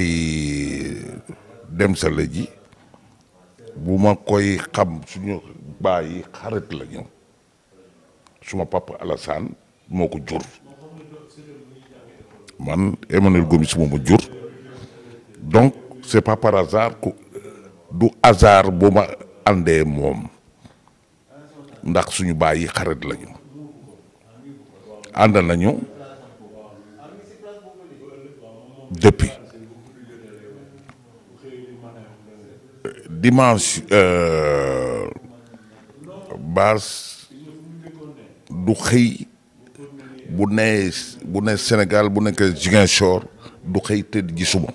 may dem sa ji bu ma koy xam suñu baay yi la ñu suma pap Alassane moo ko jur man Emmanuel Gomis moo ma jur donc c'est pas par hasard ku du hasard bu ma àndee moom ndax suñu baay yi xarit la ñu ànd nañu depuis dimanche euh, Baas du xëy bu nee bu ne Sénégal bu nekk Ziguinchor du xëy tëdd gisuma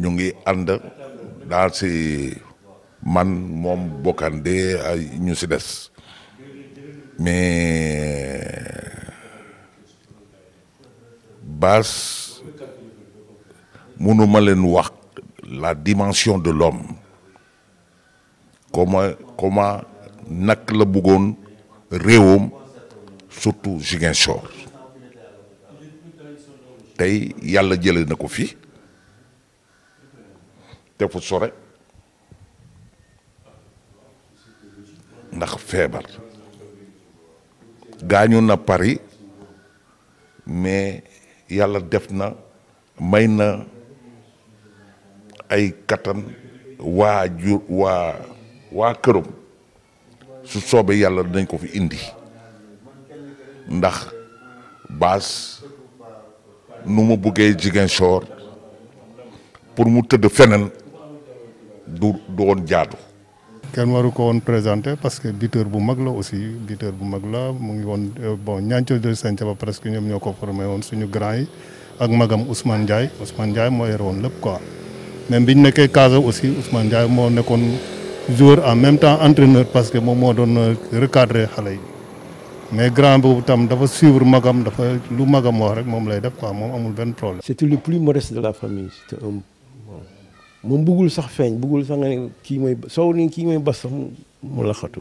ñu ngi ànd daal si man moom bokkande ay ñu si des mais Baas mënuma leen wax. la dimension de l'homme comment comment nak le bëggoon réewam surtout Ziguinchor tey yàlla jële na ko fii te fu sore ndax febar. gaañu na Paris mais yalla def na may na ay katam wa wa wa waa këram su sobe yalla dañ ko fi indi ndax bas nu mu buggee jigéen soor pour mu tëdd fenen du du woon jaadu. kenn waru ko won présenté parce que biteur bu mag aussi biteur bu magla mu ngi won euh, bon de ba presque ñom ñoko formé won suñu grand yi ak magam Ousmane Ndiaye Ousmane Ndiaye moo lepp quoi. même bi ñu nekkee aussi Ousmane Ndiaye moo nekkoon joueur en même temps entraîneur parce que moom moo doon euh, recadrer xale mais grand boobu tam dafa suivre magam dafa lu magam wax rek moom lay def quoi moom amul benn problème. c'était le plus modeste de la famille c'était un moom bëggul sax feeñ bëggul sax nga ne kii mooy soow ni kii mooy bas sax mu laxatu.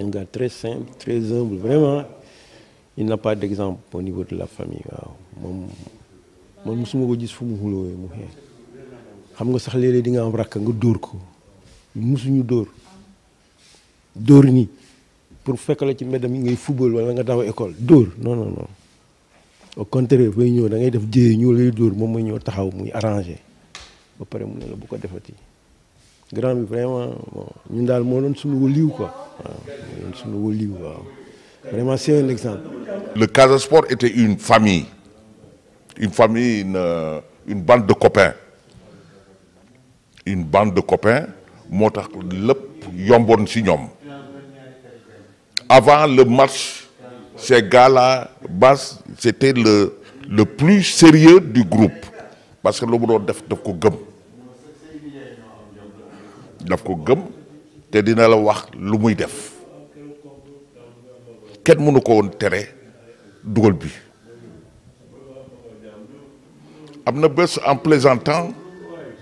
un gars très simple très humble vraiment il n'a pas d'exemple au niveau de la famille waaw moom man musuma ko gis fu mu xulóowee xam nga sax léeg-léeg di nga am rakk nga dóor ko musuñu dóor dóor ni pour fekk la ci mbedd mi ngay football wala nga daw école dóor non non non au contraire bay ñëw da ngay def jéyee ñu lay dóor moom mooy ñëw taxaw muy arrangé ba pare mu ne la bu ko defati grand bi vraiment bon ñun daal moo doon suñu waliw quoi waaw moo doon suñu waaw vraiment c'est un exemple. Le Casa Sport était une famille une famille une, euh, une bande de copains une bande de copains moo tax lépp ci ñom. avant le match ces gars-là c'était le le plus sérieux du groupe parce que lu mu def ko gëm daf ko gëm té dina la wax lu muy def kenn mënu ko won téré dugal bi Amna bëss en plaisantant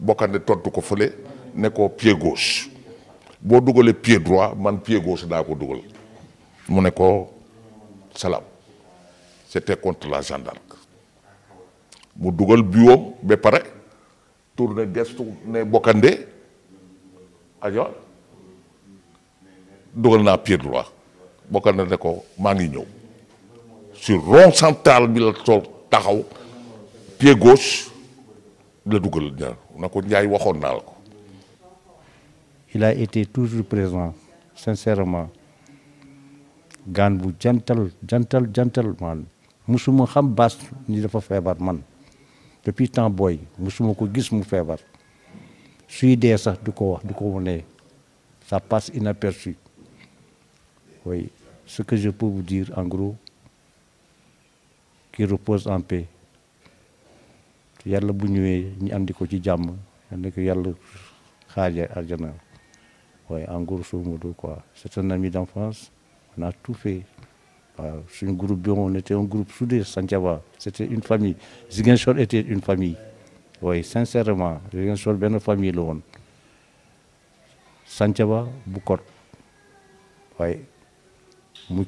Bokandé tontu ko fële ne ko pied gauche bo dougalé pied droit man pied gauche da ko dougal mu ne ko salam c'était contre la gendarme. d'Arc mu dugal biwoom ba pare tourné gestu ne bokkande ajoon dugal pied droit Bokandé ne ko maa ngi ñëw sur rond central bi la taxaw pied gauche la dougal ñaar il a été toujours présent, sincèrement. gan bu gentle gentle gentleman musuma xam bas ni dafa febar man depuis temps boy, musuma ko gis mu febar. suy fait. sax du ko wax du ko ça passe inaperçu oui ce que je peux vous dire en gros qu'il repose en paix yalla bu wé ñu andi ko ci jamm andi ko yàlla xaaja arjana waaye en grosso modo quoi c'est un ami d'enfance on a tout fait c'est un groupe bien on était un groupe soudé santiaba c'était une famille Ziguinchor était une famille oui, sincèrement Ziguinchor benn famille une woon Santhiaba bu kot waaye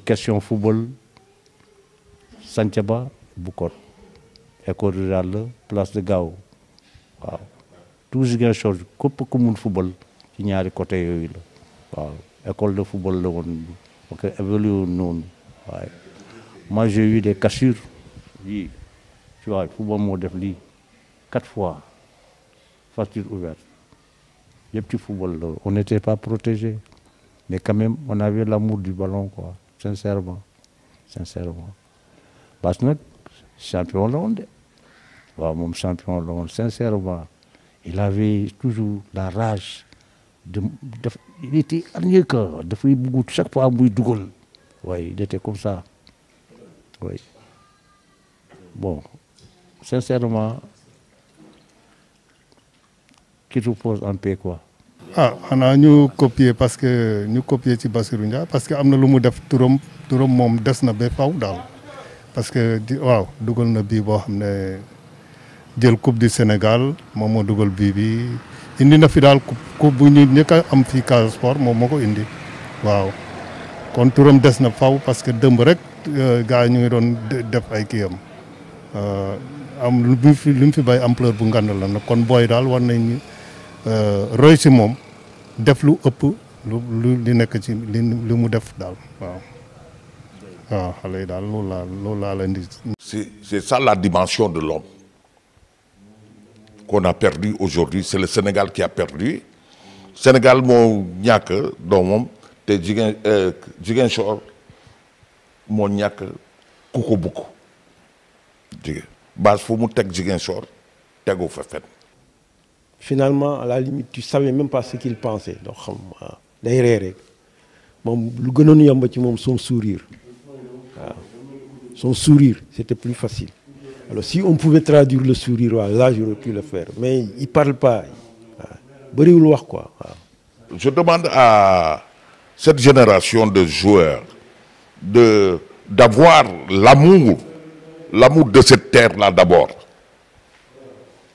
question football Santiaba, bu école rurale la place de Gao waaw tout Ziguinchor képp comme le football ci ñaari côté yooyu la école de football la woon évolué moi j'ai eu des cassures tu vois football moo def lii quatre fois fracture ouverte yëpp ci football on n'était pas protégés. mais quand même on avait l'amour du ballon quoi sincèrement sincèrement parce que nag champion la woon mon champion sincèrement il avait toujours la rage de il était hargneux que de beaucoup chaque fois muy ouais, il était comme ça oui bon sincèrement qui pose en peu quoi. ah on a copié, parce que nous copier ci Bassirou parce que amna lu mu def turum turum mom des na faw parce que wow, waaw na pas... bo xamné jël coupe du Sénégal moom moo dugal bii bi indi na fi daal coupe bu ñu njëkk am fii Casa Sport moom moo ko indi waaw kon turam des na faw parce que dëmb rek euh, gars yi ñu ngi doon def ay kiyam euh, am lu mu fi lu mu fi bay ampleur bu ngand la nag kon booy daal war nañu euh, roy si moom def lu ëpp lu li nekk ci li li mu def daal waaw xale yi daal loolu laa loolu laa leen di. c'est ça la dimension de l'homme qu'on a perdu aujourd'hui c'est le Sénégal qui a perdu Sénégal moo ñàkk doomam te Jigéen Jigéenchor euh, moo ñàkk ku ko base fa finalement à la limite tu savais même pas ce qu'il pensait Donc, xam ah, day ree rek lu yomb ci son sourire ah, son sourire c'était plus facile alors si on pouvait traduire le sourire, là j'aurais pu le faire. Mais il ne parle pas. Ah, quoi. Ah. Je demande à cette génération de joueurs d'avoir l'amour, l'amour de cette terre-là d'abord.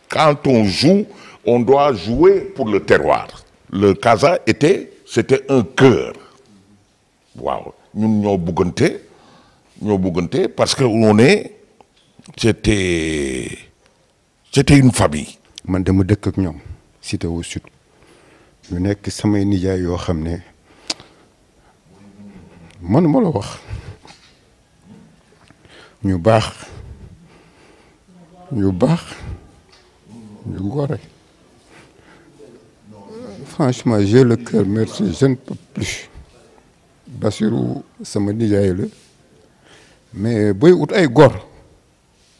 Quand on joue, on doit jouer pour le terroir. Le Kaza, était, c'était un cœur. Waouh, nous nous parce que qu'on est c'était c'était une famille. Je me suis ak cité au sud ñu nekk Je ne man wax ñu franchement j'ai le cœur merci, je ne peux plus Bassirou sama nijaay la mais